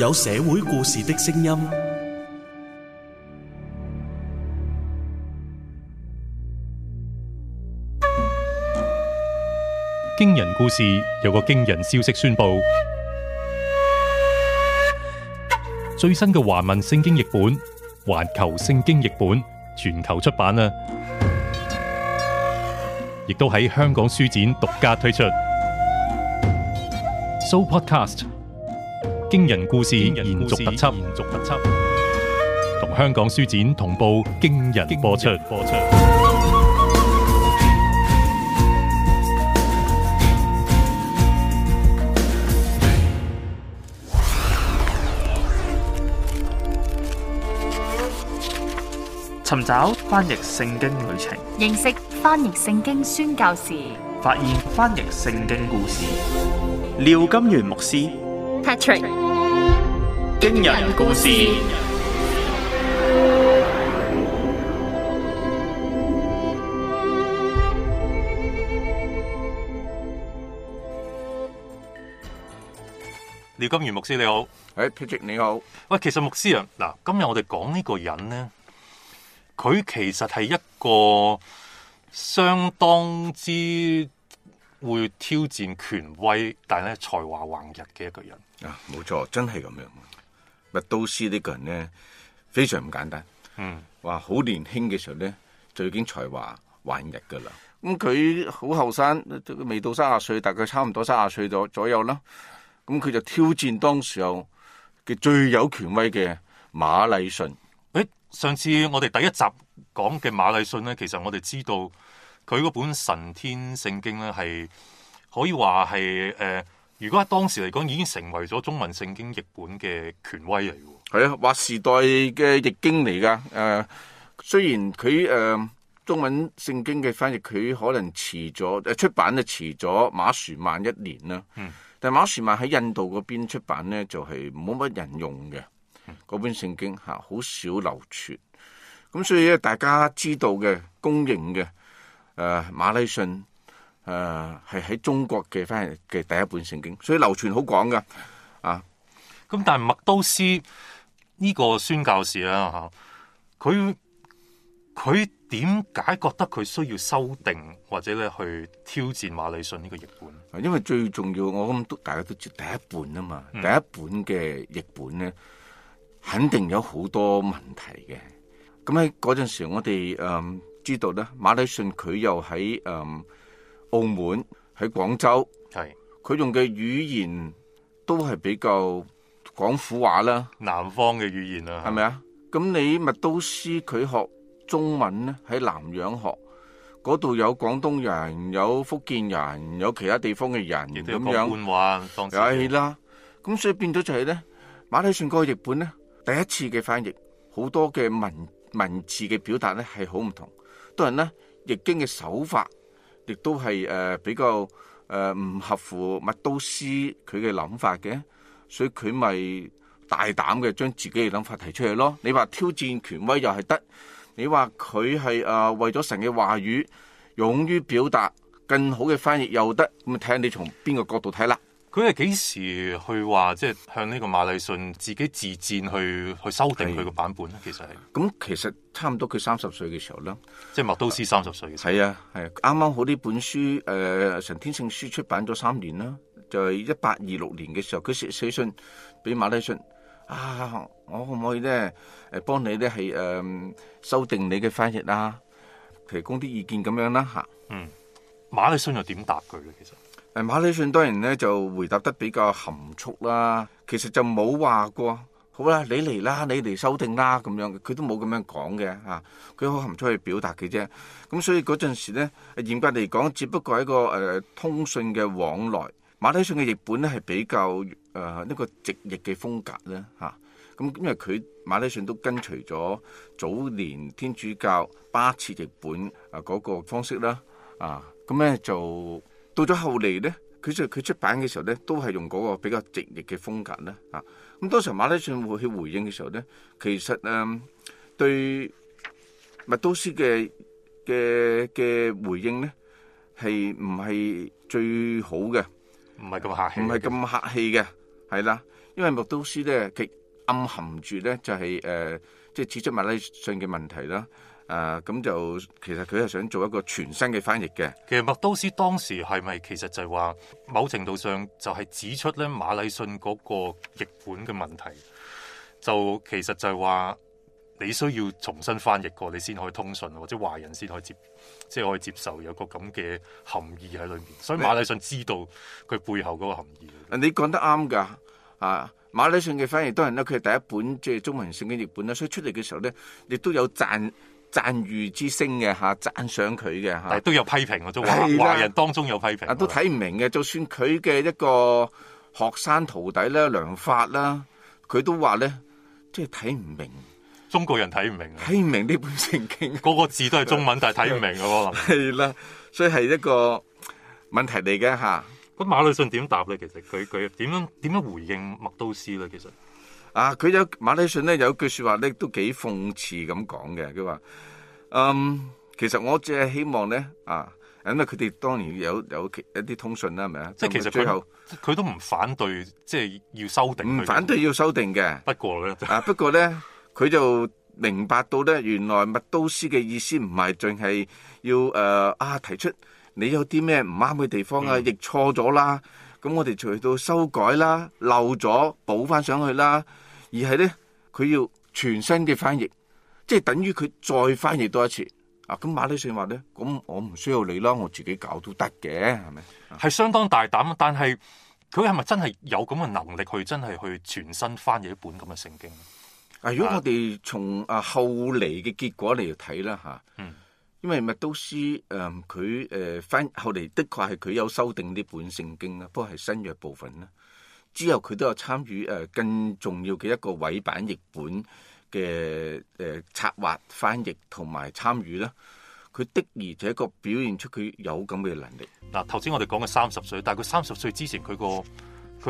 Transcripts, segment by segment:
有社會故事的聲音。驚人故事有個驚人消息宣佈，最新嘅華文聖經譯本、環球聖經譯本、全球出版啊，亦都喺香港書展獨家推出。So Podcast。驚人故事延續特輯，同香港書展同步驚人播出。尋找翻譯聖經旅程，認識翻譯聖經宣教士，發現翻譯聖經故事。廖金元牧師。Patrick，驚人故事。廖金源牧師你好，誒 Patrick 你好。喂，其實牧師啊，嗱，今日我哋講呢個人咧，佢其實係一個相當之會挑戰權威，但係咧才華橫溢嘅一個人。啊，冇錯，真係咁樣。麥都思呢個人咧，非常唔簡單，嗯，話好年輕嘅時候咧，就已經才華橫溢噶啦。咁佢好後生，未到三十歲，大概差唔多三十歲左左右啦。咁佢就挑戰當時候嘅最有權威嘅馬禮遜。誒，上次我哋第一集講嘅馬禮遜咧，其實我哋知道佢嗰本神天聖經咧係可以話係誒。呃如果喺當時嚟講，已經成為咗中文聖經譯本嘅權威嚟嘅。係啊，話時代嘅譯經嚟㗎。誒，雖然佢誒中文聖經嘅翻譯，佢可能遲咗，誒出版就遲咗馬殊曼一年啦。嗯。但馬殊曼喺印度嗰邊出版咧，就係冇乜人用嘅嗰本聖經嚇，好少流傳。咁所以咧，大家知道嘅公認嘅誒馬禮遜。誒，係喺、呃、中國嘅，翻嘅第一本聖經，所以流傳好廣噶啊。咁但係麥都斯呢個宣教士啦，吓佢佢點解覺得佢需要修訂或者咧去挑戰馬禮遜呢個譯本？因為最重要，我諗都大家都知第一本啊嘛，第一本嘅譯本咧肯定有好多問題嘅。咁喺嗰陣時我，我哋誒知道咧，馬禮遜佢又喺誒。嗯澳門、喺廣州，係佢是用嘅語言都係比較廣府話啦，南方嘅語言啦，係咪啊？咁你麥都斯佢學中文咧，喺南洋學，嗰度有廣東人，有福建人，有其他地方嘅人，亦都講官話。係啦，咁所以變咗就係咧，馬禮遜過去日本咧，第一次嘅翻譯，好多嘅文文字嘅表達咧係好唔同，當然咧，譯經嘅手法。亦都係誒、呃、比較誒唔、呃、合乎麥都斯佢嘅諗法嘅，所以佢咪大膽嘅將自己嘅諗法提出嚟咯。你話挑戰權威又係得，你話佢係誒為咗神嘅話語勇於表達更好嘅翻譯又得，咁睇下你從邊個角度睇啦。佢係幾時去話即係向呢個馬禮遜自己自薦去去修訂佢個版本咧？其實係咁，其實差唔多佢三十歲嘅時候啦，即係麥都斯三十歲嘅時候。係啊，係啱啱好呢本書誒、呃《神天聖書》出版咗三年啦，就係一八二六年嘅時候，佢寫寫信俾馬禮遜：「啊，我可唔可以咧誒幫你咧係誒修訂你嘅翻譯啦，啊，提供啲意見咁樣啦，啊、吓。嗯，馬禮遜又點答佢咧？其實？誒馬禮遜當然咧就回答得比較含蓄啦。其實就冇話過好啦，你嚟啦，你嚟修訂啦咁樣，佢都冇咁樣講嘅嚇，佢、啊、好含蓄去表達嘅啫。咁所以嗰陣時咧，嚴格嚟講，只不過係一個誒、呃、通訊嘅往來。馬禮遜嘅譯本咧係比較誒、呃、一個直譯嘅風格咧嚇。咁因為佢馬禮遜都跟隨咗早年天主教巴設譯本啊嗰、那個方式啦啊，咁咧就。到咗後嚟咧，佢就佢出版嘅時候咧，都係用嗰個比較直譯嘅風格啦。啊，咁當時馬禮遜會去回應嘅時候咧，其實誒對麥都斯嘅嘅嘅回應咧，係唔係最好嘅？唔係咁客氣，唔係咁客氣嘅，係啦，因為麥都斯咧，佢暗含住咧就係誒，即係指出馬禮遜嘅問題啦。誒咁、啊、就其實佢係想做一個全新嘅翻譯嘅。其實麥都思當時係咪其實就係話某程度上就係指出咧馬禮遜嗰個譯本嘅問題，就其實就係話你需要重新翻譯過，你先可以通訊或者華人先可以接，即係可以接受有個咁嘅含義喺裏面。所以馬禮遜知道佢背後嗰個含義。你講得啱㗎。啊，馬禮遜嘅翻譯當然咧，佢係第一本即係中文聖經嘅譯本咧，所以出嚟嘅時候咧，亦都有讚。讚譽之聲嘅吓，讚賞佢嘅吓，但都有批評，我中華的人當中有批評，都睇唔明嘅。的就算佢嘅一個學生徒弟咧，梁發啦，佢都話咧，即係睇唔明。中國人睇唔明啊，睇唔明呢本聖經，個個字都係中文，的但係睇唔明嘅喎。係啦的，所以係一個問題嚟嘅吓。咁馬禮遜點答咧？其實佢佢點樣點樣回應麥都斯咧？其實。啊！佢有馬禮遜咧有句説話咧都幾諷刺咁講嘅，佢話：嗯，其實我只係希望咧啊，咁啊佢哋當然有有一啲通訊啦，係咪啊？即係其實最後佢都唔反對，即係要修訂。唔反對要修訂嘅。不過咧，啊不過咧，佢就明白到咧，原來麥都斯嘅意思唔係淨係要誒啊提出你有啲咩唔啱嘅地方啊，譯錯咗啦，咁我哋隨到修改啦，漏咗補翻上去啦。而係咧，佢要全新嘅翻譯，即係等於佢再翻譯多一次啊！咁馬禮遜話咧，咁我唔需要你啦，我自己搞都得嘅。係、啊、咪？係、啊、相當大膽，但係佢係咪真係有咁嘅能力去真係去全新翻譯一本咁嘅聖經啊？啊，如果我哋從啊後嚟嘅結果嚟睇啦，吓、啊，啊嗯、因為麥都斯誒，佢誒翻後嚟的確係佢有修訂呢本聖經啦，不過係新約部分啦。之後佢都有參與誒更重要嘅一個委板譯本嘅誒策劃、翻譯同埋參與啦。佢的而且確表現出佢有咁嘅能力。嗱，頭先我哋講嘅三十歲，但係佢三十歲之前，佢個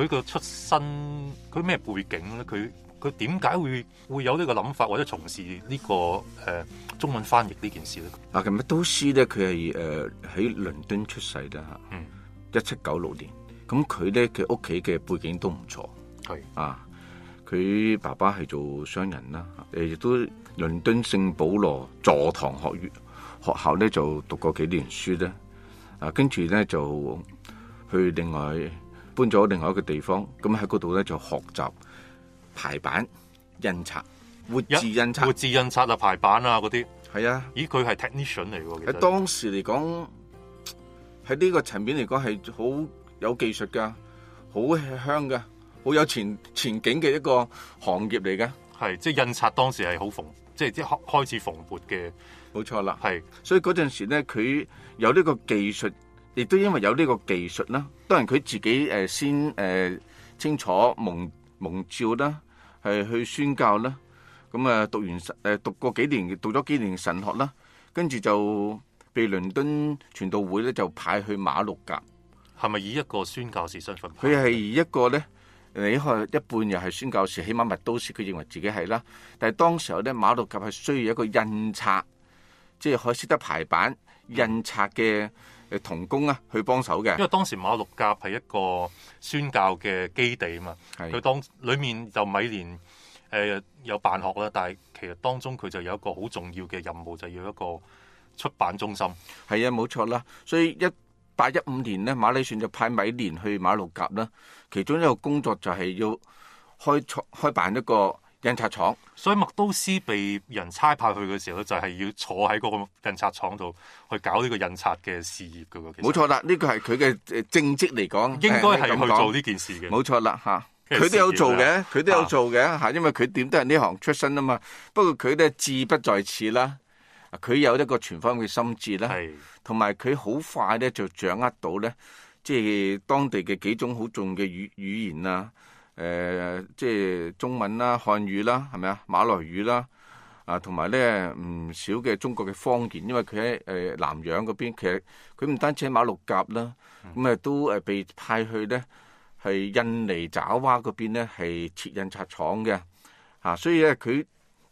佢個出身，佢咩背景咧？佢佢點解會會有呢個諗法或者從事呢、呢個誒、呃、中文翻譯呢件事咧？嗱，咁啊，都斯咧，佢係誒喺倫敦出世啦，一七九六年。咁佢咧，佢屋企嘅背景都唔錯，係是啊，佢爸爸係做商人啦，誒亦都倫敦聖保羅座堂學院學校咧就讀過幾年書咧，啊，跟住咧就去另外搬咗另外一個地方，咁喺嗰度咧就學習排版、印刷、活字印刷、活字印刷啊、排版啊嗰啲，係啊，咦，佢係 technician 嚟喎，喺當時嚟講，喺呢個層面嚟講係好。有技術噶，好香嘅，好有前前景嘅一個行業嚟嘅。係，即係印刷當時係好蓬勃，即係即係開始蓬勃嘅。冇錯啦。係是，所以嗰陣時咧，佢有呢個技術，亦都因為有呢個技術啦。當然佢自己誒、呃、先誒、呃、清楚蒙蒙召啦，係去宣教啦。咁啊，讀完神誒讀過幾年，讀咗幾年神學啦，跟住就被倫敦傳道會咧就派去馬六甲。係咪以一個宣教士身份？佢係以一個咧，你係一半又係宣教士，起碼麥都思佢認為自己係啦。但係當時候咧，馬六甲係需要一個印刷，即係可以識得排版、印刷嘅誒童工啊，去幫手嘅。因為當時馬六甲係一個宣教嘅基地啊嘛，佢是當裡面就米憐誒、呃、有辦學啦，但係其實當中佢就有一個好重要嘅任務，就要、是、一個出版中心。係啊，冇錯啦，所以一八一五年咧，馬禮遜就派米憐去馬六甲啦。其中一個工作就係要開廠、開辦一個印刷廠。所以麥都思被人差派去嘅時候咧，就係、是、要坐喺嗰個印刷廠度去搞呢個印刷嘅事業嘅。冇錯啦，呢個係佢嘅正職嚟講，應該係咁去做呢件事嘅。冇、呃、錯啦，嚇，佢都有做嘅，佢都有做嘅，嚇、啊，因為佢點都係呢行出身啊嘛。不過佢咧志不在此啦。佢有一個全方位嘅心智啦，同埋佢好快咧就掌握到咧，即係當地嘅幾種好重嘅語語言啊，誒即係中文啦、漢語啦，係咪啊？馬來語啦，啊同埋咧唔少嘅中國嘅方言，因為佢喺誒南洋嗰邊，其實佢唔單止喺馬六甲啦，咁啊、嗯、都誒被派去咧係印尼爪哇嗰邊咧係設印刷廠嘅，嚇、啊，所以咧佢。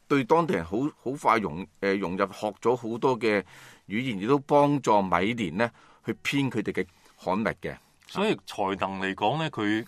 對當地人好好快融，誒、呃、融入，學咗好多嘅語言，亦都幫助米廉咧去編佢哋嘅刊物嘅。所以才能嚟講咧，佢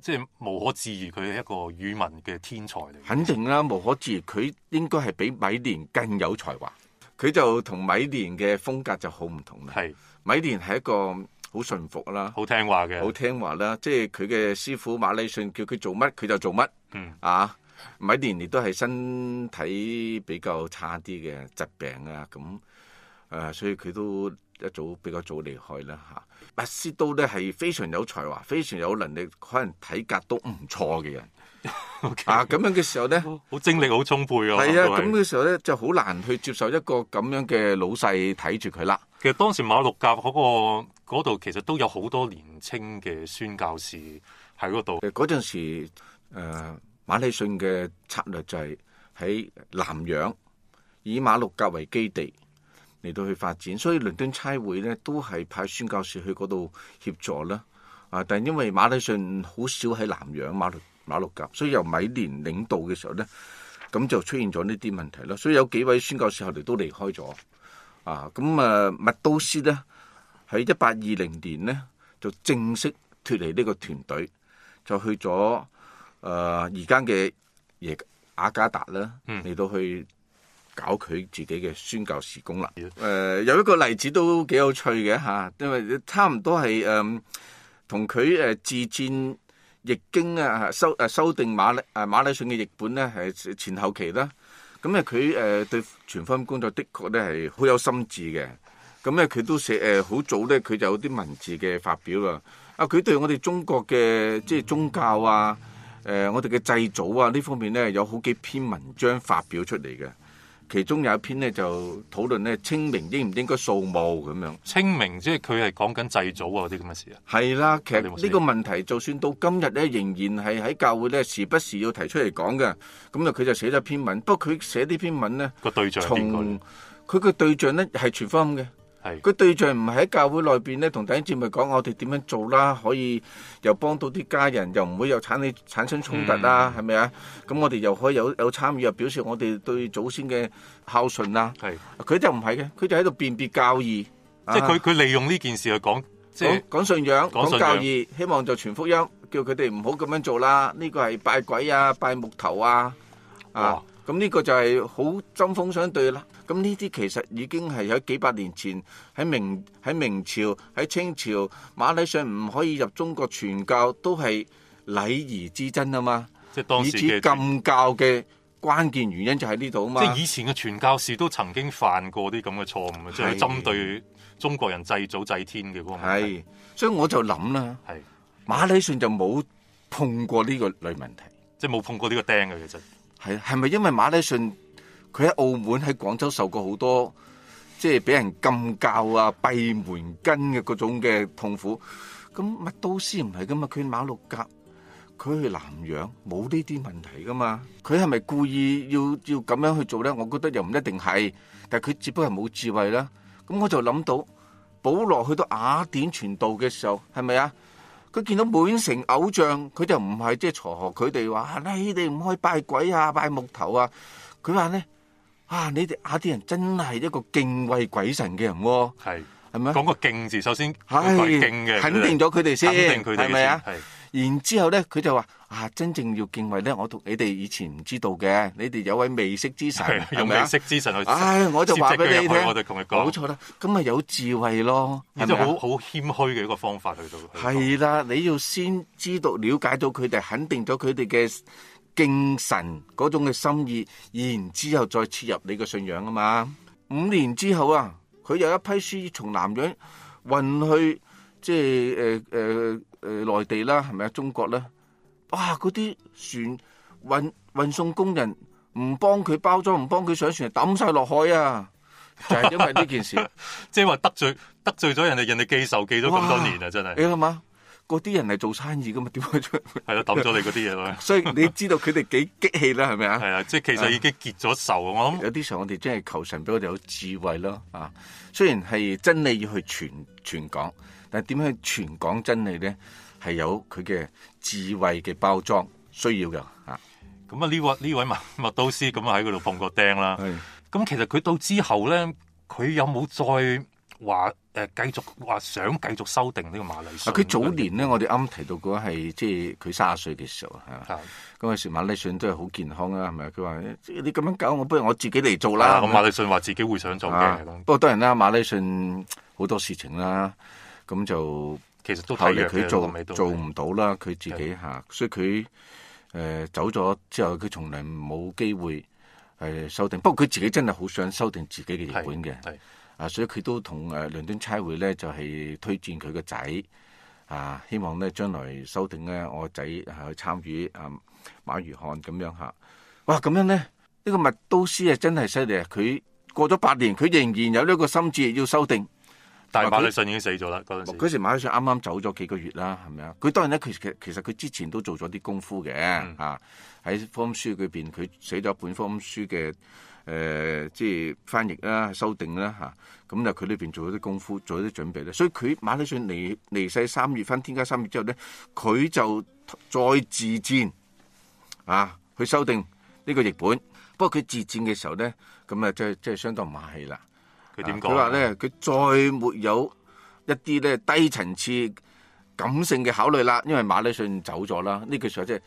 即係無可置疑，佢係一個語文嘅天才嚟。肯定啦，無可置疑，佢應該係比米廉更有才華。佢就同米廉嘅風格就好唔同啦。係是米廉係一個好順服啦，好聽話嘅，好聽話啦。即係佢嘅師傅馬禮遜叫佢做乜，佢就做乜。嗯啊。咪年年都係身體比較差啲嘅疾病啊，咁誒、呃，所以佢都一早比較早離開啦嚇。巴、啊、斯都咧係非常有才華、非常有能力、可能體格都唔錯嘅人 okay，啊。咁樣嘅時候咧，好精力好充沛啊。係啊，咁嘅時候咧就好難去接受一個咁樣嘅老細睇住佢啦。其實當時馬六甲嗰、那、度、個那個那個、其實都有好多年青嘅宣教士喺嗰度。誒嗰陣馬里遜嘅策略就係喺南洋，以馬六甲為基地嚟到去發展，所以倫敦差會咧都係派宣教士去嗰度協助啦。啊，但係因為馬里遜好少喺南洋馬六馬六甲，所以由米廉領導嘅時候咧，咁就出現咗呢啲問題咯。所以有幾位宣教士後來都離開咗。啊，咁啊，麥都斯咧喺一八二零年咧就正式脫離呢個團隊，就去咗。誒而家嘅嘢，呃、阿加達啦嚟、嗯、到去搞佢自己嘅宣教事工啦。誒、呃、有一個例子都幾有趣嘅嚇，因為差唔多係誒同佢誒自戰譯經啊，修誒修訂馬勒誒馬禮遜嘅譯本咧，係前後期啦。咁咧佢誒對傳福音工作的確咧係好有心智嘅。咁咧佢都寫誒好、呃、早咧，佢就有啲文字嘅發表啦。啊，佢對我哋中國嘅即係宗教啊～誒、呃，我哋嘅祭祖啊，呢方面咧有好幾篇文章發表出嚟嘅，其中有一篇咧就討論咧清明應唔應該掃墓咁樣。清明即係佢係講緊祭祖嗰啲咁嘅事啊。係啦，其實呢個問題就算到今日咧，仍然係喺教會咧時不時要提出嚟講嘅。咁、嗯、啊，佢就寫咗篇文，不過佢寫呢篇文咧，個對象從佢嘅對象咧係全方嘅。.係佢是對象唔喺教會內邊咧，同第一節咪講我哋點樣做啦，可以又幫到啲家人，又唔會有產起產生衝突啦，係咪啊？咁、嗯啊、我哋又可以有有參與，又表示我哋對祖先嘅孝順啦、啊。係佢是就唔係嘅，佢就喺度辨別教義，是啊、即係佢佢利用呢件事去講，即係講信仰，講教義，希望就傳福音，叫佢哋唔好咁樣做啦。呢、這個係拜鬼啊，拜木頭啊。啊。咁呢個就係好針鋒相對啦。咁呢啲其實已經係有幾百年前喺明喺明朝喺清朝馬禮遜唔可以入中國傳教，都係禮儀之爭啊嘛。即係當時禁教嘅關鍵原因就喺呢度啊嘛。即係以前嘅傳教士都曾經犯過啲咁嘅錯誤，即係針對中國人祭祖祭天嘅嗰個問題。係，所以我就諗啦，係馬禮遜就冇碰過呢個類問題，即係冇碰過呢個釘嘅其實。係，係咪因為馬禮遜佢喺澳門、喺廣州受過好多即係俾人禁教啊、閉門羹嘅嗰種嘅痛苦？咁麥都思唔係噶嘛？佢馬六甲、佢去南洋冇呢啲問題噶嘛？佢係咪故意要要咁樣去做咧？我覺得又唔一定係，但係佢只不過係冇智慧啦。咁我就諗到保羅去到雅典傳道嘅時候，係咪啊？佢見到滿城偶像，佢就唔係即係嘲諷佢哋話：你哋唔可以拜鬼啊、拜木頭啊！佢話咧：啊，你哋啊啲人真係一個敬畏鬼神嘅人喎、啊。係咪是吧講個敬字？首先、哎、肯定敬嘅，肯定咗佢哋先，肯定佢哋先。係係。然之後咧，佢就話。啊！真正要敬畏咧，我同你哋以前唔知道嘅，你哋有位未識之神，的吧用未識之神去，唉、哎，我就話俾你聽，我哋同佢講，冇錯啦，咁咪有智慧咯，係好好謙虛嘅一個方法去到？係啦，你要先知道、了解到佢哋，肯定咗佢哋嘅敬神嗰種嘅心意，然之後再切入你嘅信仰啊嘛。五年之後啊，佢有一批書從南洋運去，即係誒誒誒內地啦，係咪啊？中國呢。哇！嗰啲船運運送工人唔幫佢包裝，唔幫佢上船，抌晒落海啊！就係、是、因為呢件事，即係話得罪得罪咗人哋，人哋記仇記咗咁多年啊！真係你諗下，嗰啲人嚟做生意噶嘛？點解出係咯？抌 咗你嗰啲嘢咯！ 所以你知道佢哋幾激氣啦？係咪啊？係啊！即係其實已經結咗仇。啊、我諗想有啲時候，我哋真係求神俾我哋有智慧咯啊！雖然係真理要去傳傳講，但係點樣去傳講真理咧？係有佢嘅智慧嘅包裝需要嘅嚇，咁啊呢位呢位麥麥刀師咁啊喺嗰度碰過釘啦，咁是其實佢到之後咧，佢有冇再話誒、呃、繼續話想繼續修訂呢個馬利信？佢早年咧，我哋啱提到過係即係佢卅歲嘅時候嚇，嗰陣是時馬利信都係好健康啦，係咪？佢話你咁樣搞我，我不如我自己嚟做啦。咁馬利信話自己會想做嘅，不過當然啦，馬利信好多事情啦，咁就。其實都睇弱嘅，做做唔到啦。佢的自己吓，所以佢誒走咗之後，佢從嚟冇機會係修訂。不過佢自己真係好想修訂自己嘅譯本嘅，啊，所以佢、呃呃的啊、都同誒倫敦差會咧，就係、是、推薦佢個仔啊，希望咧將來修訂咧，我仔去參與啊參與、呃、馬如漢咁樣吓、啊。哇，咁樣咧，呢、這個麥都斯啊，真係犀利啊！佢過咗八年，佢仍然有呢個心志要修訂。但係馬里信已經死咗啦，嗰陣時。嗰時馬里信啱啱走咗幾個月啦，係咪啊？佢當然咧，其其其實佢之前都做咗啲功夫嘅，嚇喺科書裏邊，佢寫咗一本科書嘅誒、呃，即係翻譯啦、修訂啦，嚇咁就佢呢邊做咗啲功夫，做咗啲準備咧。所以佢馬里信離離世三月份、翻天加三月之後咧，佢就再自戰啊，去修訂呢個譯本。不過佢自戰嘅時候咧，咁啊，即係即係相當唔客氣啦。佢點講？話咧，佢、啊、再沒有一啲咧低層次感性嘅考慮啦，因為馬里遜走咗啦。呢句說話即係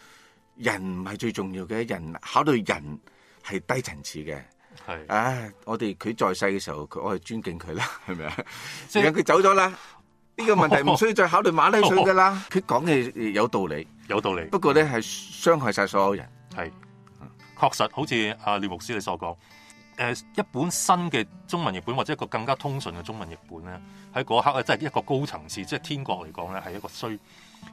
人唔係最重要嘅人，考慮人係低層次嘅。係是，唉、啊，我哋佢在世嘅時候，佢我係尊敬佢啦，係咪啊？而家佢走咗啦，呢、這個問題唔需要再考慮馬里遜噶啦。佢講嘅有道理，有道理。不過咧係傷害晒所有人，係確實好似阿廖牧師你所講。誒一本新嘅中文譯本，或者一個更加通順嘅中文譯本咧，喺嗰刻咧，真係一個高層次，即係天國嚟講咧，係一,一個需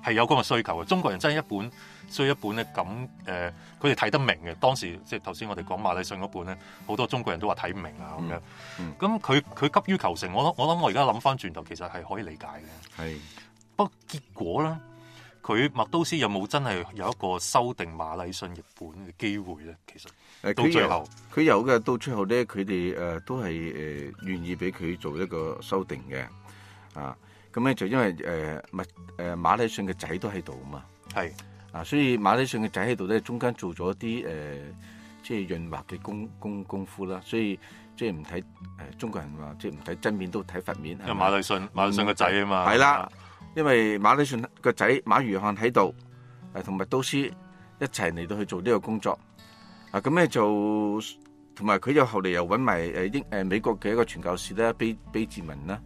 係有咁嘅需求嘅。中國人真係一本需要一本咧，咁誒，佢哋睇得明嘅。當時即係頭先我哋講馬禮遜嗰本咧，好多中國人都話睇唔明啊咁樣。嗯，咁佢佢急於求成，我諗我諗我而家諗返轉頭，其實係可以理解嘅。係是，不過結果咧，佢麥都斯有冇真係有一個修訂馬禮遜譯本嘅機會咧？其實。誒到最後，佢有嘅到最後咧，佢哋誒都係誒、呃、願意俾佢做一個修訂嘅，啊咁咧就因為誒物誒馬禮遜嘅仔都喺度啊嘛，係是啊，所以馬禮遜嘅仔喺度咧，中間做咗啲誒即係潤滑嘅功功功夫啦，所以即係唔睇誒中國人話，即係唔睇真面都睇佛面，因為馬禮遜馬禮遜嘅仔啊嘛，係、嗯、啦，吧因為馬禮遜嘅仔馬儒翰喺度誒，同、啊、埋麥都斯一齊嚟到去做呢個工作。啊咁咧就同埋佢又後嚟又揾埋誒英誒美國嘅一個傳教士啦，卑比志文啦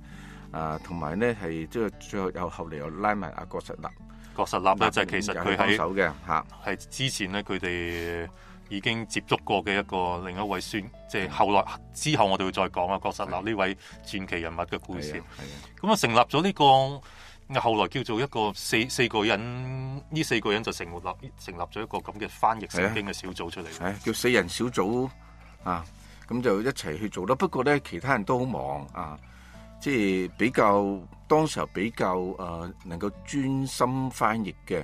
啊，同埋咧係即係最後又後嚟又拉埋阿郭實立，郭實立咧就係、其實佢喺嚇係之前咧佢哋已經接觸過嘅一個另一位宣，即、就、係、係、後來之後我哋會再講阿、啊、郭實立呢位傳奇人物嘅故事。咁啊，就成立咗呢、呢個。後來叫做一個四四個人，呢四個人就成立成立咗一個咁嘅翻譯聖經嘅小組出嚟，係叫四人小組啊，咁就一齊去做啦。不過咧，其他人都好忙啊，即係比較當時候比較誒能夠專心翻譯嘅，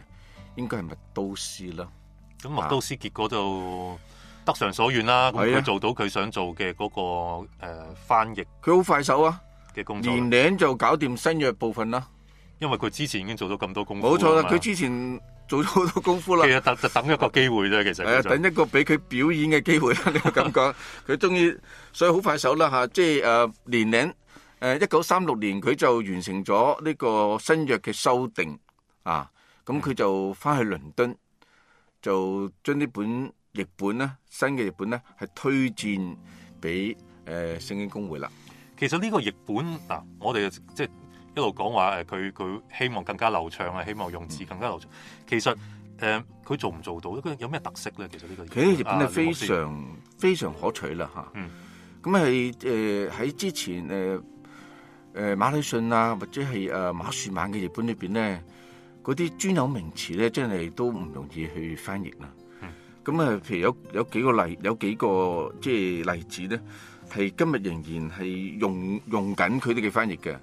應該係麥都思啦？咁麥都思結果就得償所願啦。佢做到佢想做嘅嗰個誒翻譯，佢好快手啊嘅工作，年零就搞掂新約部分啦。因為佢之前已經做咗咁多功夫，冇錯啦！佢吧之前做咗好多功夫啦。等等一個機會啫，啊、其實係啊，等一個俾佢表演嘅機會啦。呢 個感覺，佢鍾意，所以好快手啦嚇、啊。即係誒、呃、年齡誒，一九三六年佢就完成咗呢個新約嘅修訂啊。咁、嗯、佢、嗯、就返去倫敦，就將呢本譯本咧，新嘅譯本咧，係推薦俾誒聖經公會啦。其實呢個譯本嗱、啊，我哋即係。一路講話誒，佢、啊、佢希望更加流暢啊，希望用字更加流暢。其實誒，佢、呃、做唔做到佢有咩特色咧？其實呢個佢嘅譯本係非常、啊、非常可取啦嚇。咁係誒喺之前誒誒、呃、馬禮遜啊，或者係誒、呃、馬殊曼嘅譯本裏邊咧，嗰啲專有名詞咧，真係都唔容易去翻譯啦。咁啊、嗯，譬如有有幾個例，有幾個即係例子咧，係今日仍然係用用緊佢哋嘅翻譯嘅。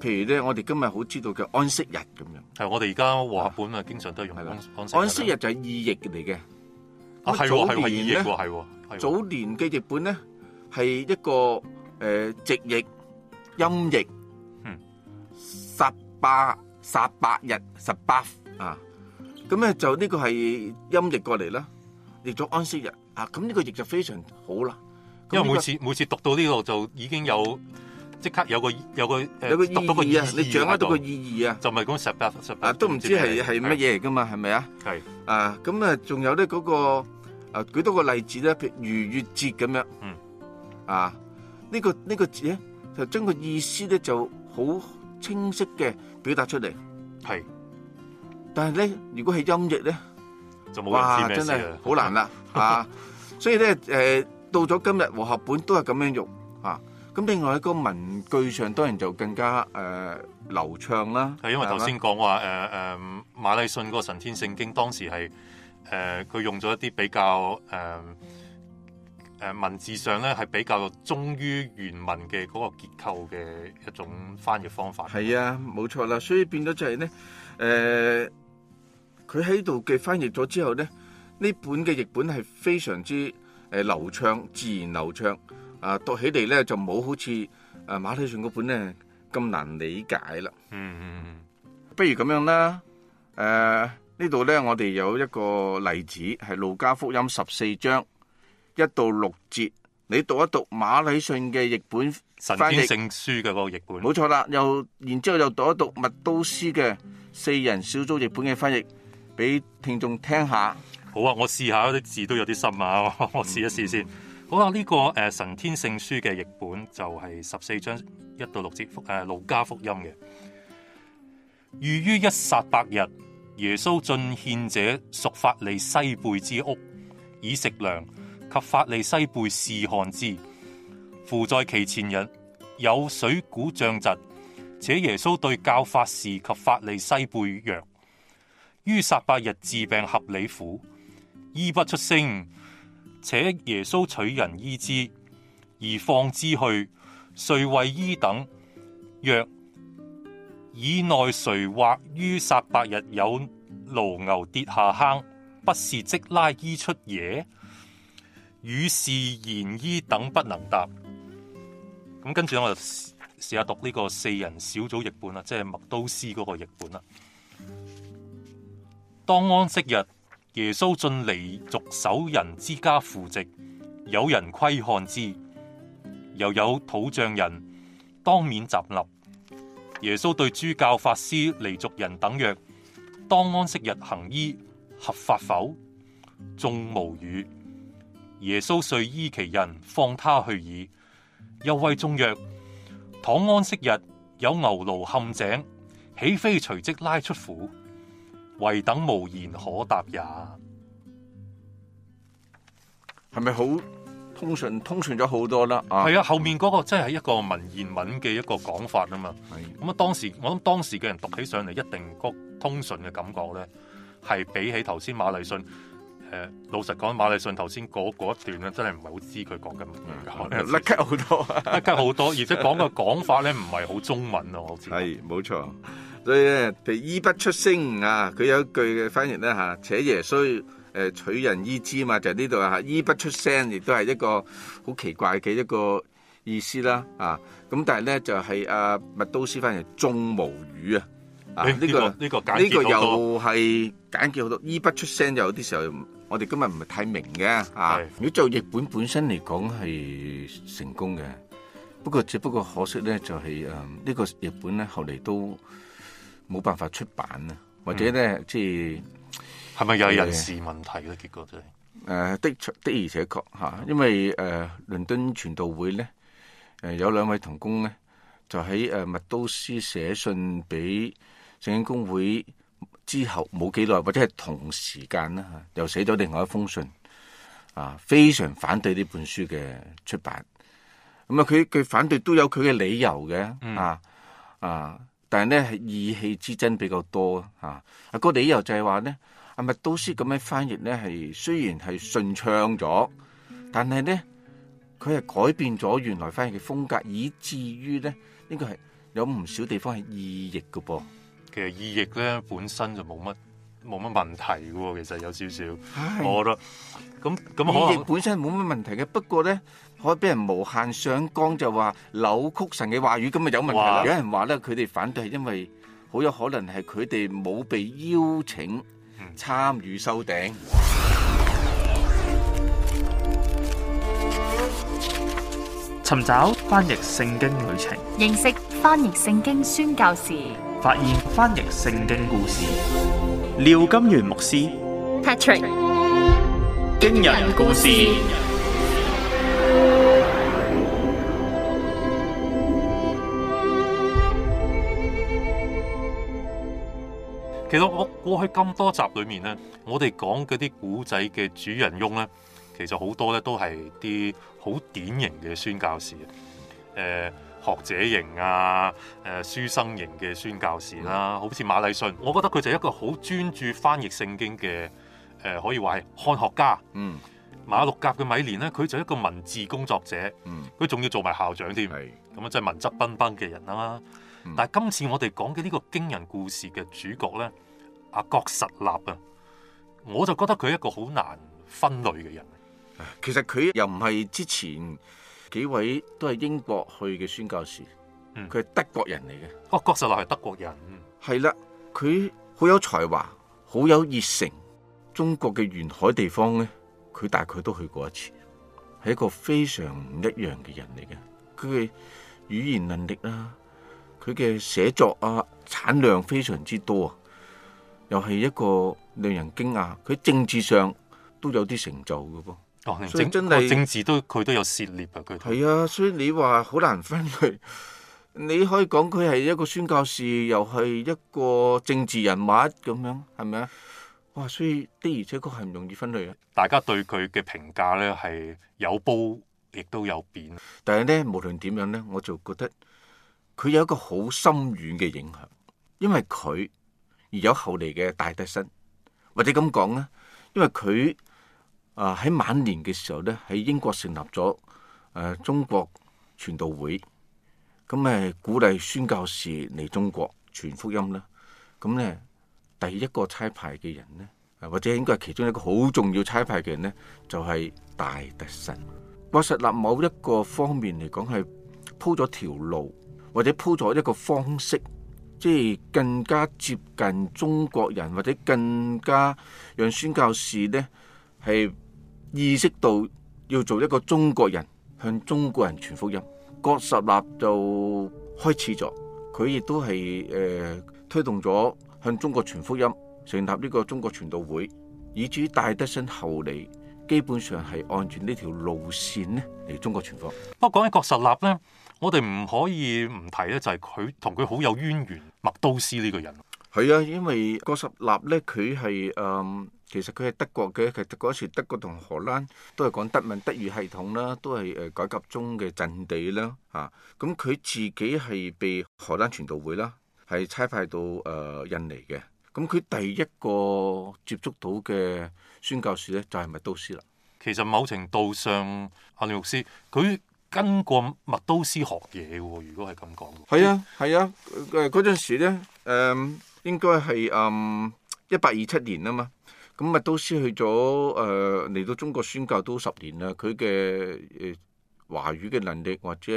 譬如咧，我哋今日好知道嘅安息日咁樣。係我哋而家畫本啊，經常都係用安安息日。安息日就係意譯嚟嘅、嗯。啊，係係意譯喎，係。早年嘅譯本咧係一個誒直譯音譯。嗯。十八十八日十八啊，咁咧就呢個係音譯過嚟啦，譯咗安息日啊，咁、這、呢個譯就非常好啦，因為每次、這個、每次讀到呢個就已經有。即刻有個有個有個讀到個意義，你掌握到個意義啊，就唔係講十八十八都唔知係係乜嘢嚟噶嘛，係咪啊？係啊，咁啊，仲有咧嗰個啊，舉多個例子咧，譬如逾越節咁樣，嗯啊，呢個呢個字咧，就將個意思咧就好清晰嘅表達出嚟，係。但係咧，如果係音譯咧，就冇人知咩先，好難啦啊！所以咧，誒，到咗今日和合本都係咁樣用。咁另外一個文句上，當然就更加誒、呃、流暢啦。係因為頭先講話誒誒馬禮遜個神天聖經當時係誒佢用咗一啲比較誒誒、呃、文字上咧係比較忠於原文嘅嗰個結構嘅一種翻譯方法。係啊，冇錯啦，所以變咗就係咧誒，佢喺度嘅翻譯咗之後咧，呢本嘅譯本係非常之誒流暢、自然流暢。啊，讀起嚟咧就冇好似啊馬禮遜嗰本咧咁難理解啦，嗯。嗯嗯嗯，不如咁樣啦。誒、呃、呢度咧，我哋有一個例子係路加福音十四章一到六節，你讀一讀馬禮遜嘅譯本。神天聖書嘅嗰個譯本。冇錯啦，又然之後又讀一讀麥都斯嘅四人小組譯本嘅翻譯，俾聽眾聽下。好啊，我試下，啲字都有啲深啊，我試一試先。嗯好啦，呢、這個誒神天聖書嘅譯本就係十四章一到六節，誒路加福音嘅。逾於一殺八日，耶穌進獻者屬法利西貝之屋，以食糧及法利西貝試看之。附在其前日有水鼓脹疾，且耶穌對教法士及法利西貝藥，於殺八日治病合理苦，醫不出聲。且耶穌取人醫之，而放之去。誰為醫等？曰：以內誰或於殺百日有驢牛跌下坑，不是即拉醫出耶？於是言醫等不能答。咁跟住我就試下讀呢個四人小組譯本啦，即係麥都斯嗰個譯本啦。當安息日。耶穌進黎族守人之家赴席，有人窺看之，又有土匠人當面集立。耶穌對諸教法師黎族人等曰：當安息日行醫，合法否？眾無語。耶穌遂醫其人，放他去矣。又謂眾曰：倘安息日有牛驢陷井，豈非隨即拉出乎？唯等無言可答也，係咪好通順？通順咗好多啦。係啊，啊，後面嗰個真係一個文言文嘅一個講法啊嘛。係咁啊，當時我諗當時嘅人讀起上嚟，一定個通順嘅感覺咧，係比起頭先馬麗信。誒、呃，老實講，馬麗信頭先嗰一段咧，真係唔係好知佢講緊，乜嘢。好多，甩 好多，而且講嘅講法咧，唔係好中文啊。我知係冇錯。所以咧，譬如醫不出聲啊，佢有一句嘅翻譯咧嚇，且耶穌誒取人醫之嘛，就係呢度啊，醫不出聲亦都係一個好奇怪嘅一個意思啦啊！咁但係咧就係、是、啊麥都斯翻譯中無語啊啊！呢、這個呢、這個這個簡呢個又係簡潔好多。醫不出聲有啲時候，我哋今日唔係太明嘅啊。是的 如果就日本本身嚟講係成功嘅，不過只不過可惜咧就係誒呢個日本咧後嚟都。冇辦法出版咧、啊，或者咧，嗯、即係係咪有人事問題咧、啊？結果就誒、是呃，的出的而且確吓、啊，因為誒、呃、倫敦傳道會咧，誒、呃、有兩位同工咧，就喺誒、呃、麥都斯寫信俾聖經公會之後冇幾耐，或者係同時間啦吓、啊，又寫咗另外一封信啊，非常反對呢本書嘅出版。咁啊，佢佢反對都有佢嘅理由嘅啊啊！嗯但係咧係意氣之爭比較多啊！啊個、啊、理由就係話咧，阿麥都斯咁樣翻譯咧係雖然係順暢咗，但係咧佢係改變咗原來翻譯嘅風格，以至於咧呢、這個係有唔少地方係意譯嘅噃。其實意譯咧本身就冇乜冇乜問題嘅喎，其實有少少，的我覺得咁咁可能本身冇乜問題嘅，不過咧。可以俾人無限上綱，就話扭曲神嘅話語，咁咪有問題啦！有人話咧，佢哋反對係因為好有可能係佢哋冇被邀請參與修訂。尋找翻譯聖經旅程，認識翻譯聖經宣教士，發現翻譯聖經故事。廖金元牧師 Patrick，驚人故事。其實我過去咁多集裏面呢，我哋講嗰啲古仔嘅主人翁呢，其實好多呢都係啲好典型嘅宣教士，誒、呃、學者型啊，誒、呃、書生型嘅宣教士啦，嗯、好似馬禮遜，我覺得佢就一個好專注翻譯聖經嘅，誒、呃、可以話係漢學家。嗯，馬六甲嘅米連呢，佢就一個文字工作者。佢仲、嗯、要做埋校長添。咁啊真係文質彬彬嘅人啦。但係今次我哋講嘅呢個驚人故事嘅主角呢，阿郭實立啊，我就覺得佢係一個好難分類嘅人。其實佢又唔係之前幾位都係英國去嘅宣教士，佢係、嗯、德國人嚟嘅。哦，郭實立係德國人，係啦，佢好有才華，好有熱誠。中國嘅沿海地方呢，佢大概都去過一次，係一個非常唔一樣嘅人嚟嘅。佢嘅語言能力啦、啊。佢嘅寫作啊產量非常之多啊，又係一個令人驚訝。佢政治上都有啲成就嘅噃，哦、正所以真係政治都佢都有涉獵啊。佢係啊，所以你話好難分類。你可以講佢係一個宣教士，又係一個政治人物咁樣，係咪啊？哇！所以的而且確係唔容易分類啊。大家對佢嘅評價咧係有褒亦都有貶，但係咧無論點樣咧，我就覺得。佢有一個好深遠嘅影響，因為佢而有後嚟嘅戴德生，或者咁講咧，因為佢啊喺晚年嘅時候咧，喺英國成立咗誒、呃、中國傳道會，咁、嗯、誒鼓勵宣教士嚟中國傳福音啦。咁、嗯、咧、嗯，第一個差派嘅人咧、呃，或者應該係其中一個好重要差派嘅人咧，就係、是、戴德生，話實立某一個方面嚟講係鋪咗條路。或者鋪咗一個方式，即係更加接近中國人，或者更加讓宣教士呢係意識到要做一個中國人，向中國人傳福音。郭士立就開始咗，佢亦都係誒推動咗向中國傳福音，成立呢個中國傳道會，以至於戴德生後嚟。基本上係按住呢條路線咧嚟中國傳教。不過講起郭實立咧，我哋唔可以唔提咧，就係佢同佢好有淵源，麥都斯呢個人。係啊，因為郭實立咧，佢係誒，其實佢係德國嘅。其實嗰時德國同荷蘭都係講德文德語系統啦，都係誒改革中嘅陣地啦。啊，咁佢自己係被荷蘭傳道會啦，係差派到誒、呃、印尼嘅。咁佢第一個接觸到嘅宣教士咧，就係、是、麥都斯啦？其實某程度上，阿廖玉斯佢跟過麥都斯學嘢嘅喎。如果係咁講，係啊係啊。誒嗰陣時咧，誒、嗯、應該係誒一八二七年啊嘛。咁啊，麥都斯去咗誒嚟到中國宣教都十年啦。佢嘅誒華語嘅能力或者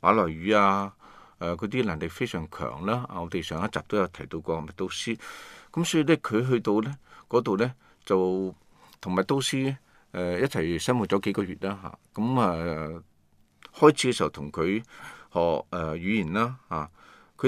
馬來語啊。誒嗰啲能力非常強啦！我哋上一集都有提到過，麥都思咁、嗯，所以咧佢去到咧嗰度咧就同麥都思誒、呃、一齊生活咗幾個月啦嚇。咁啊，啊開始嘅時候同佢學誒、呃、語言啦嚇，佢、啊、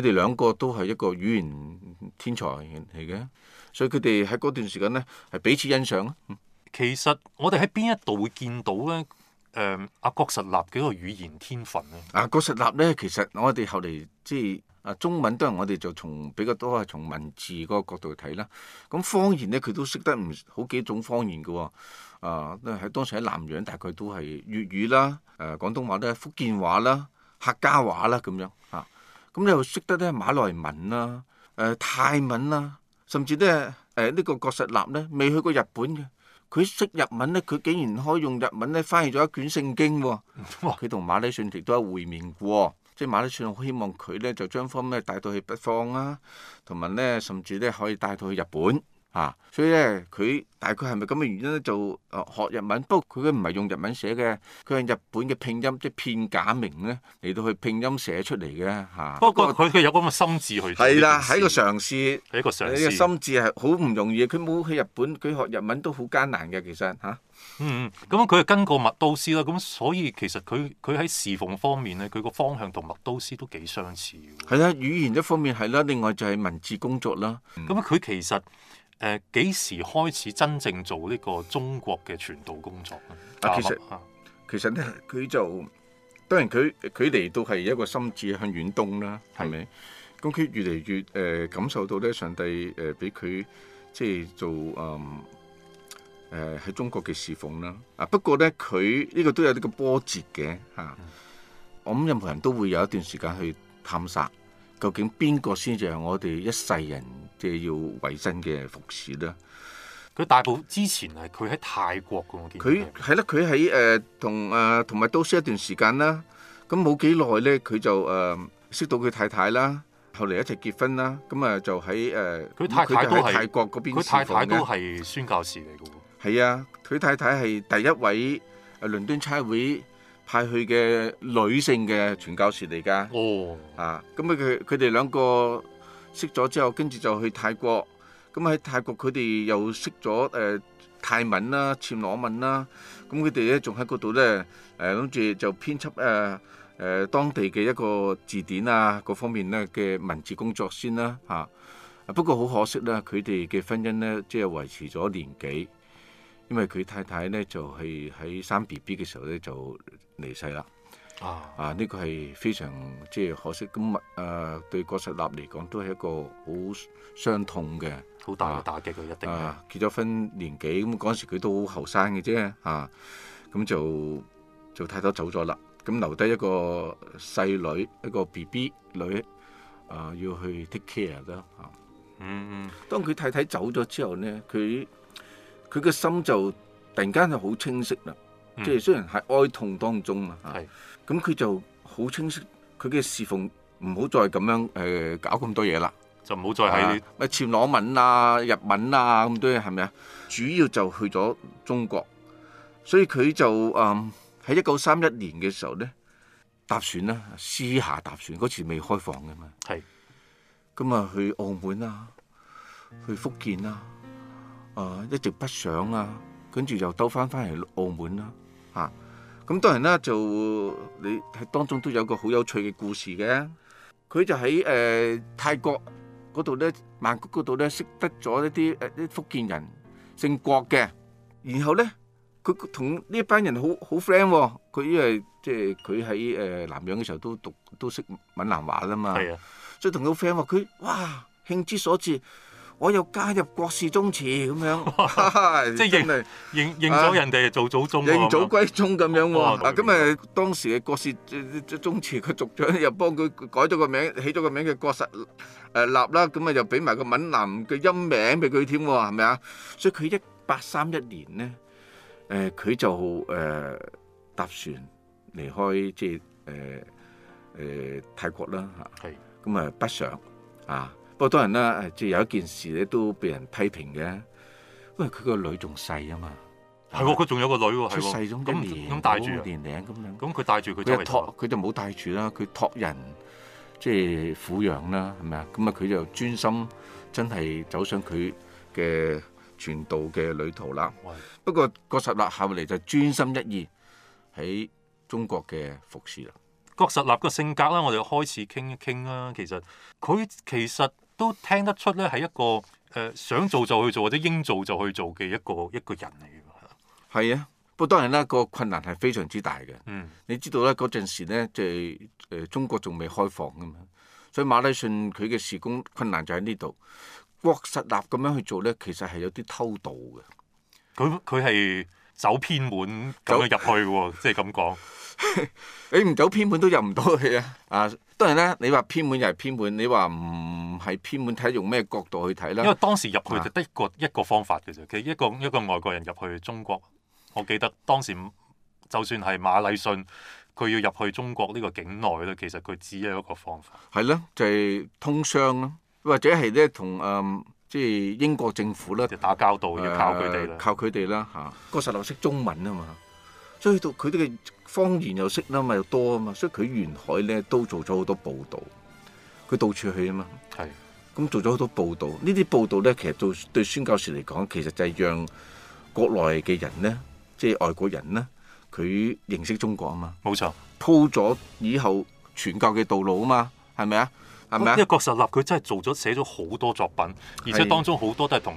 哋兩個都係一個語言天才嚟嘅，所以佢哋喺嗰段時間咧係彼此欣賞。嗯、其實我哋喺邊一度會見到咧？.誒阿國實立幾個語言天分咧？啊，國實立咧，其實我哋後嚟即係啊，中文都係我哋就從比較多係從文字嗰個角度去睇啦。咁、啊、方言咧，佢都識得唔好幾種方言嘅喎、哦。啊，都喺當時喺南洋，大概都係粵語啦、誒、啊、廣東話啦、福建話啦、客家話啦咁樣嚇。咁、啊、你、啊啊嗯、又識得咧馬來文啦、啊、誒、呃、泰文啦、啊，甚至咧誒呢、呃這個國實立咧未去過日本嘅。佢識日文咧，佢竟然可以用日文咧翻譯咗一卷聖經喎、哦。佢同馬禮遜亦都有會面過喎，即係馬禮遜好希望佢咧就將方咩帶到去北方啦、啊，同埋咧甚至咧可以帶到去日本。啊，所以咧，佢大概係咪咁嘅原因咧？就啊，學日文，不過佢佢唔係用日文寫嘅，佢係日本嘅拼音，即係片假名咧嚟到去拼音寫出嚟嘅吓。不過佢佢、啊、佢有咁嘅心智去係啦，係一個嘗試，一個嘗試，呢個心智係好唔容易。佢冇喺日本，佢學日文都好艱難嘅，其實吓。咁佢係跟過麥都斯啦，咁所以其實佢佢喺侍奉方面咧，佢個方向同麥都斯都幾相似。係啦、嗯，語言一方面係啦，另外就係文字工作啦。咁、嗯、佢其實。誒，幾、呃、時開始真正做呢個中國嘅傳道工作咧？啊，其實其實咧，佢就當然佢佢嚟到係一個心志向遠東啦，係咪是？咁佢越嚟越誒、呃、感受到咧，上帝誒俾佢即係做誒誒喺中國嘅侍奉啦。啊，不過咧佢呢、呢個都有呢個波折嘅吓。啊嗯、我諗任何人都會有一段時間去探索。究竟邊個先至係我哋一世人嘅要偉新嘅服侍咧？佢大埔之前係佢喺泰國嘅，我見佢係啦，佢喺誒同啊同埋都識一段時間啦。咁冇幾耐咧，佢就誒、呃、識到佢太太啦。後嚟一齊結婚啦。咁啊就喺誒佢太太喺、嗯、泰國嗰邊，佢太太都係的宣教士嚟嘅喎。係啊，佢太太係第一位誒倫敦差會派去嘅女性嘅傳教士嚟噶，oh. 啊，咁啊佢佢哋兩個識咗之後，跟住就去泰國，咁、嗯、喺泰國佢哋又識咗誒、呃、泰文啦、啊、暹羅文啦、啊，咁佢哋咧仲喺嗰度咧，誒諗住就編輯誒誒、呃呃、當地嘅一個字典啊，各方面咧嘅文字工作先啦、啊，嚇、啊。不過好可惜啦，佢哋嘅婚姻咧即係維持咗年幾，因為佢太太咧就係喺生 B B 嘅時候咧就。離世啦！啊，呢個係非常即係可惜。咁啊，對郭實立嚟講都係一個好傷痛嘅，好大嘅打擊佢一定。啊，結咗婚年紀咁，嗰陣時佢都好後生嘅啫，啊，咁就就太太走咗啦。咁留低一個細女，一個 B B 女，啊，要去 take care 啦、啊嗯。嗯，當佢太太走咗之後咧，佢佢嘅心就突然間就好清晰啦。即係雖然係哀痛當中是啊，咁佢就好清晰，佢嘅侍奉唔好再咁樣誒、呃、搞咁多嘢啦，就唔好再喺咩切羅文啊、日文啊咁多嘢，係咪啊？主要就去咗中國，所以佢就誒喺一九三一年嘅時候咧，搭船啦，私下搭船，嗰時未開放噶嘛，係咁是啊去澳門啦、啊，去福建啦、啊，啊一直北上啊，跟住又兜翻翻嚟澳門啦、啊。啊，咁當然啦，就你喺當中都有個好有趣嘅故事嘅。佢就喺誒、呃、泰國嗰度咧，曼谷嗰度咧識得咗一啲誒啲福建人，姓郭嘅。然後咧，佢同呢一班人好好 friend，佢因為即係佢喺誒南洋嘅時候都讀都識閩南話啦嘛，是啊、所以同佢 friend 話、哦、佢，哇，興之所至。我又加入國氏宗祠咁樣，即係認認認咗人哋做祖宗，認祖歸宗咁樣喎。嗱，咁咪當時嘅國氏宗祠嘅族長又幫佢改咗個名，起咗個名叫國實誒立啦。咁啊，又俾埋個閩南嘅音名俾佢添喎，係咪啊？所以佢一八三一年呢，誒佢就誒搭船離開即係誒誒泰國啦嚇。係咁啊，北上啊。不過當然啦，誒，即係有一件事咧都被人批評嘅，因為佢個女仲細啊嘛，係佢仲有個女喎，出世咗一年咁帶住、啊、年齡咁樣，咁佢帶住佢，佢託佢就冇帶住啦，佢託人即係撫養啦，係咪啊？咁、嗯、啊，佢就專心真係走上佢嘅傳道嘅旅途啦。的不過郭實立後嚟就專心一意喺中國嘅服侍啦。郭實立個性格啦，我哋開始傾一傾啦。其實佢其實。都聽得出咧，係一個誒、呃、想做就去做或者應做就去做嘅一個一個人嚟㗎。係啊，不過當然啦，這個困難係非常之大嘅。嗯，你知道咧，嗰陣時咧，即係誒中國仲未開放㗎嘛，所以馬拉遜佢嘅事工困難就喺呢度。郭實立咁樣去做咧，其實係有啲偷渡嘅。佢，佢係走偏門咁樣走入去喎，即係咁講。 你唔走偏門都入唔到去啊！啊，當然啦，你話偏門又係偏門，你話唔係偏門，睇用咩角度去睇啦。因為當時入去就得個、啊、一個方法嘅啫。其實一個一個外國人入去中國，我記得當時就算係馬禮遜，佢要入去中國呢個境內咧，其實佢只係一個方法。係咯，就係、是、通商咯，或者係咧同誒即係英國政府咧打交道，要靠佢哋、呃，靠佢哋啦吓。個細路識中文啊嘛。所以到佢哋嘅方言又識啦嘛，又多啊嘛，所以佢沿海咧都做咗好多報導。佢到處去啊嘛，係的，咁、嗯、做咗好多報導。報道呢啲報導咧，其實對對宣教士嚟講，其實就係讓國內嘅人咧，即係外國人咧，佢認識中國啊嘛。冇錯，鋪咗以後傳教嘅道路啊嘛，係咪啊？係咪啊？咁呢個郭實立，佢真係做咗寫咗好多作品，而且當中好多都係同。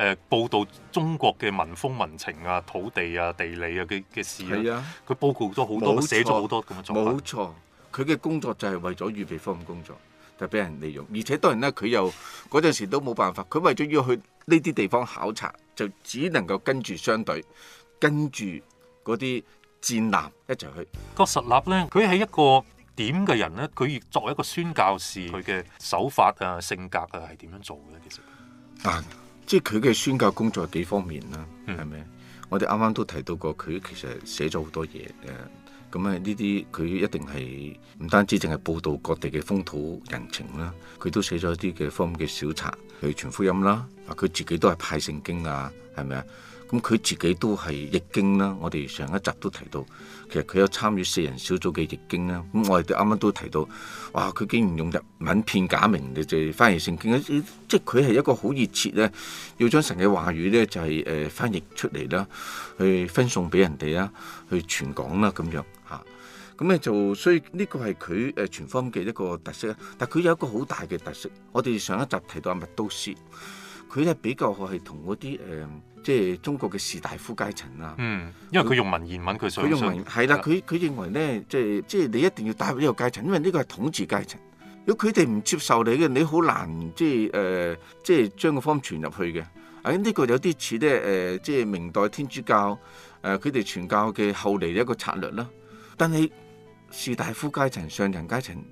誒、呃、報道中國嘅民風民情啊、土地啊、地理啊嘅嘅事啊，佢、啊、報告咗好多，錯寫咗好多咁嘅作品。冇錯，佢嘅工作就係為咗預備方工作，就俾人利用。而且當然咧，佢又嗰陣時都冇辦法，佢為咗要去呢啲地方考察，就只能夠跟住商隊，跟住嗰啲戰艦一齊去。個實立呢，佢係一個點嘅人呢？佢亦作為一個宣教士，佢嘅手法啊、性格啊係點樣做嘅？其實 即係佢嘅宣教工作係幾方面啦，係咪？嗯、我哋啱啱都提到過，佢其實寫咗好多嘢誒，咁啊呢啲佢一定係唔單止淨係報導各地嘅風土人情啦，佢都寫咗一啲嘅方嘅小冊去傳福音啦，佢自己都係派聖經啊，係咪啊？咁佢自己都係譯經啦，我哋上一集都提到，其實佢有參與四人小組嘅譯經啦。咁我哋啱啱都提到，哇！佢竟然用日文片假名嚟嚟、就係、翻譯聖經。即係佢係一個好熱切咧，要將神嘅話語咧就係、係、誒、呃、翻譯出嚟啦，去分送俾人哋啦，去傳講啦咁樣嚇。咁、啊、咧就所以呢個係佢誒全方嘅一個特色啦。但佢有一個好大嘅特色，我哋上一集提到阿、啊、麥都斯，佢咧比較係同嗰啲誒。呃即係中國嘅士大夫階層啊，嗯、因為佢用文言文，佢他用文言，係啦，佢佢的認為咧，即係即係你一定要帶入呢個階層，因為呢個係統治階層。如果佢哋唔接受你嘅，你好難即係誒，即、就、係、是呃就是、將個方傳入去嘅。誒、啊、呢、這個有啲似咧誒，即、呃、係、就是、明代天主教誒，佢、呃、哋傳教嘅後嚟一個策略啦。但係士大夫階層、上層階層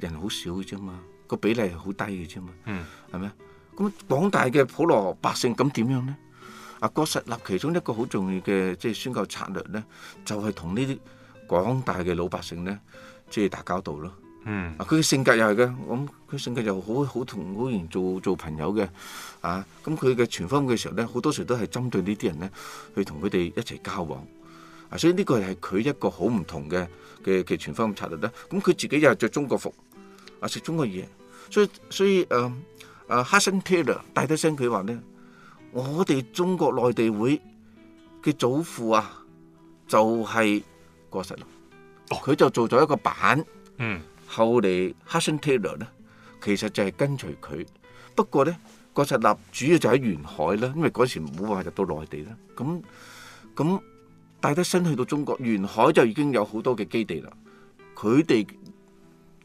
人好少嘅啫嘛，個比例好低嘅啫嘛，嗯係咪啊？咁廣大嘅普羅百姓咁點樣咧？啊，郭實立其中一個好重要嘅即係宣教策略咧，就係同呢啲廣大嘅老百姓咧，即係打交道咯。嗯，啊佢性格又係嘅，咁佢性格又好好同好易做做朋友嘅。啊，咁佢嘅傳福音嘅時候咧，好多時候都係針對呢啲人咧，去同佢哋一齊交往。啊，所以呢個係佢一個好唔同嘅嘅嘅傳福音策略咧。咁、嗯、佢自己又着中國服，啊食中國嘢，所以所以誒誒、啊啊、哈森勒生 Taylor 戴德生佢話咧。我哋中國內地會嘅祖父啊，就係郭實臘，佢就做咗一個板。嗯。後嚟 Hudson Taylor 咧，其實就係跟隨佢，不過咧，郭實臘主要就喺沿海啦，因為嗰時唔好話入到內地啦。咁咁戴德生去到中國沿海就已經有好多嘅基地啦。佢哋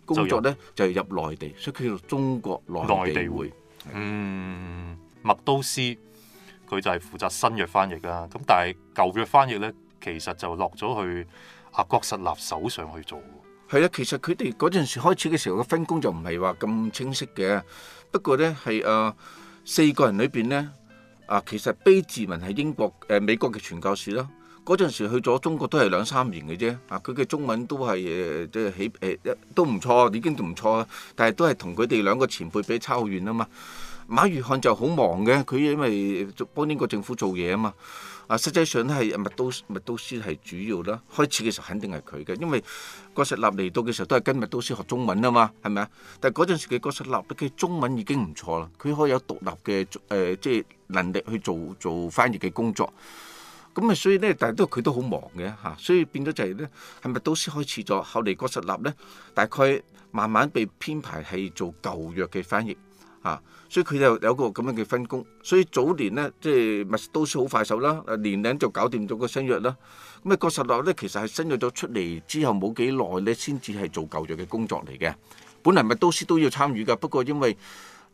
工作咧就係入內地，所以佢叫做中國內地會。嗯，麥都斯。佢就係負責新約翻譯啦，咁但係舊約翻譯咧，其實就落咗去阿郭實立手上去做。係、呃、啊，其實佢哋嗰陣時開始嘅時候嘅分工就唔係話咁清晰嘅。不過咧係啊，四個人裏邊咧啊，其實裨治文係英國誒、呃、美國嘅傳教士啦。嗰陣時去咗中國都係兩三年嘅啫。啊，佢嘅中文都係誒即係起誒都唔錯，已經都唔錯，但係都係同佢哋兩個前輩比差好遠啊嘛。馬如翰就好忙嘅，佢因為幫英國政府做嘢啊嘛，啊實際上咧係麥都麥都斯係主要啦。開始嘅時候肯定係佢嘅，因為郭實立嚟到嘅時候都係跟麥都斯學中文啊嘛，係咪啊？但係嗰陣時嘅郭實立，佢中文已經唔錯啦，佢可以有獨立嘅誒、呃、即係能力去做做翻譯嘅工作。咁啊，所以咧，但係都佢都好忙嘅嚇，所以變咗就係咧，係麥都斯開始咗，後嚟郭實立咧大概慢慢被編排係做舊約嘅翻譯。啊！所以佢就有一個咁樣嘅分工，所以早年咧，即係密都斯好快手啦，年齡就搞掂咗個新約啦。咁啊，個實落咧，其實係新約咗出嚟之後冇幾耐咧，先至係做舊約嘅工作嚟嘅。本嚟密都斯都要參與噶，不過因為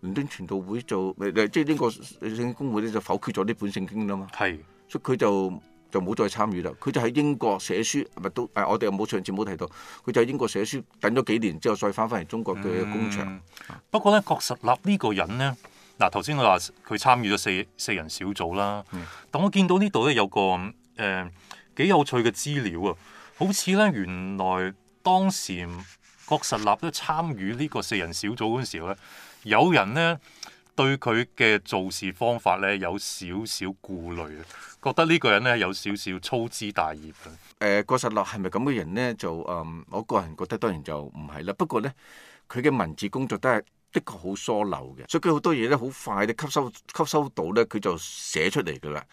倫敦傳道會就即係呢個聖經公會咧，就否決咗呢本聖經啦嘛。係是，所以佢就。就冇再參與啦。佢就喺英國寫書，咪都誒、啊，我哋又冇上次冇提到。佢就喺英國寫書，等咗幾年之後再翻翻嚟中國嘅工場。嗯、不過咧，郭實立呢個人咧，嗱頭先我話佢參與咗四四人小組啦。但我見到呢度咧有個誒幾、呃、有趣嘅資料啊，好似咧原來當時郭實立都參與呢個四人小組嗰陣時候咧，有人咧。對佢嘅做事方法咧有少少顧慮，覺得呢個人咧有少少粗枝大葉啊、呃。郭實樂係咪咁嘅人咧？就誒、呃，我個人覺得當然就唔係啦。不過咧，佢嘅文字工作都係的確好疏漏嘅，所以佢好多嘢咧好快咧吸收吸收到咧，佢就寫出嚟噶啦。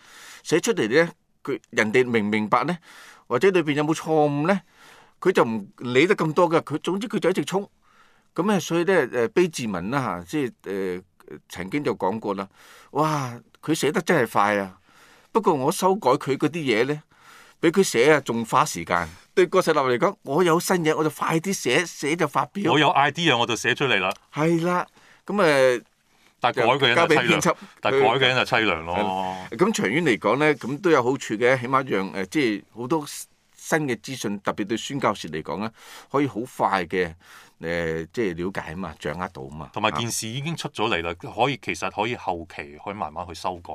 寫出嚟咧，佢人哋明唔明白咧，或者裏邊有冇錯誤咧，佢就唔理得咁多噶。佢總之佢就一直衝咁咧，所以咧誒卑自文啦吓，即係誒。呃曾經就講過啦，哇！佢寫得真係快啊。不過我修改佢嗰啲嘢咧，比佢寫啊仲花時間。對郭世立嚟講，我有新嘢我就快啲寫，寫就發表。我有 idea 我就寫出嚟啦。係啦，咁誒，嗯、但改嘅人就淒涼，但係改嘅人就淒涼咯。咁、哦嗯、長遠嚟講咧，咁都有好處嘅，起碼讓誒、呃、即係好多新嘅資訊，特別對孫教授嚟講咧，可以好快嘅。誒、呃，即係了解啊嘛，掌握到啊嘛，同埋件事已經出咗嚟啦，啊、可以其實可以後期去慢慢去修改，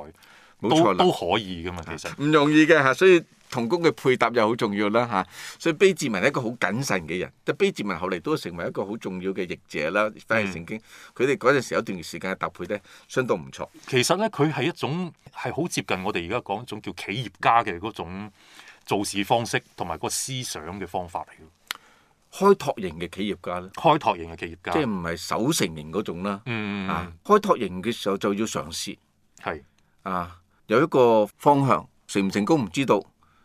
冇錯啦都都可以噶嘛，其實唔、啊、容易嘅嚇，所以同工嘅配搭又好重要啦嚇、啊。所以卑志文係一個好謹慎嘅人，但卑志文後嚟都成為一個好重要嘅譯者啦，翻嚟聖經，佢哋嗰陣時有一段時間嘅搭配咧，相當唔錯。其實咧，佢係一種係好接近我哋而家講一種叫企業家嘅嗰種做事方式同埋個思想嘅方法嚟嘅。開拓型嘅企業家咧，開拓型嘅企業家，業家即係唔係守成型嗰種啦。嗯嗯啊，開拓型嘅時候就要嘗試，係啊，有一個方向成唔成功唔知道，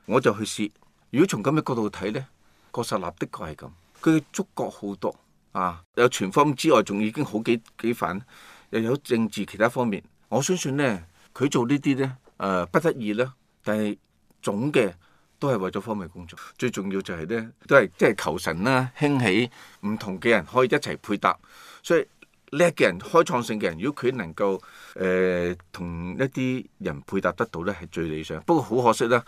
我就去試。如果從咁嘅角度睇咧，郭實立的確係咁，佢嘅觸角好多啊，有全方位之外，仲已經好幾幾反，又有政治其他方面。我相信咧，佢做呢啲咧，誒、呃、不得意啦，但係總嘅。都係為咗方便工作，最重要就係咧，都係即係求神啦、啊，興起唔、嗯、同嘅人可以一齊配搭，所以叻嘅人、開創性嘅人，如果佢能夠誒同一啲人配搭得到咧，係最理想。不過好可惜啦，誒、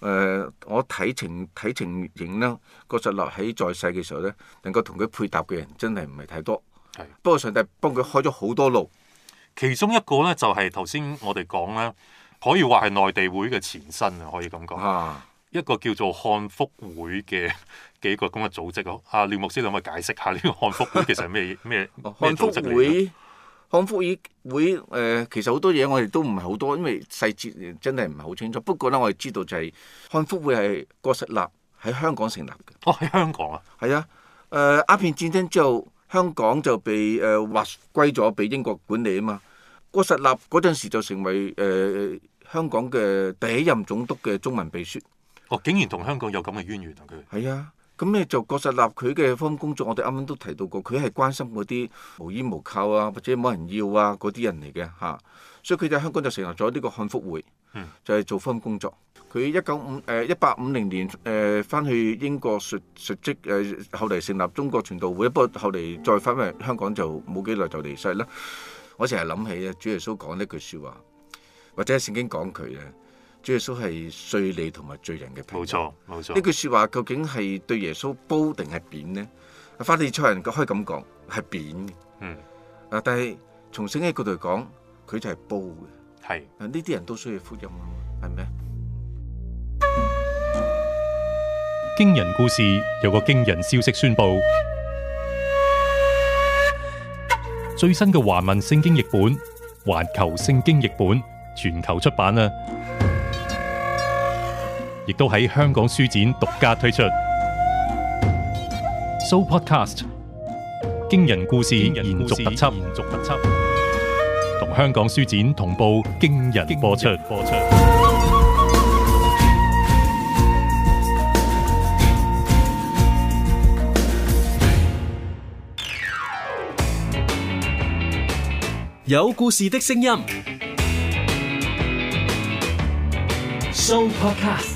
呃，我睇情睇情形啦，郭實落喺在，在世嘅時候咧，能夠同佢配搭嘅人真係唔係太多。的不過上帝幫佢開咗好多路，其中一個咧就係頭先我哋講啦，可以話係內地會嘅前身啊，可以咁講。啊一個叫做漢福會嘅幾個咁嘅組織咯。阿、啊、廖牧師，你可唔可以解釋下呢個漢福會其實係咩嘢咩嘢組織嚟嘅？漢福會，漢福會，誒、呃，其實好多嘢我哋都唔係好多，因為細節真係唔係好清楚。不過咧，我哋知道就係、是、漢福會係郭實立喺香港成立嘅。哦，喺香港啊，係啊，誒、呃，鴉片戰爭之後，香港就被誒劃、呃、歸咗俾英國管理啊嘛。郭實立嗰陣時就成為誒、呃、香港嘅第一任總督嘅中文秘書。哦，竟然同香港有咁嘅淵源啊！佢係啊，咁咧就郭實立佢嘅方工作，我哋啱啱都提到過，佢係關心嗰啲無依無靠啊，或者冇人要啊嗰啲人嚟嘅嚇，所以佢就喺香港就成立咗呢個漢福會，嗯、就係做翻工作。佢一九五誒一八五零年誒翻去英國述述職誒、呃，後嚟成立中國傳道會，不過後嚟再返回香港就冇幾耐就離世啦。我成日諗起啊，主耶穌講呢句説話，或者係聖經講佢咧。耶穌係稅吏同埋罪人嘅朋友，冇錯冇錯。呢句説話究竟係對耶穌煲定係扁呢？法利賽人可可以咁講，係扁嘅。嗯。啊，但係從聖經角度嚟講，佢就係煲嘅。係是。啊，呢啲人都需要福音啊嘛，係咪啊？驚人故事，有個驚人消息宣佈，最新嘅華文聖經譯本、環球聖經譯本全球出版啊。」亦都喺香港書展獨家推出 So Podcast 驚人故事，驚人故事，延續特輯，延續特輯。同香港書展同步，驚人播出。驚人播出。有故事嘅聲音。So Podcast。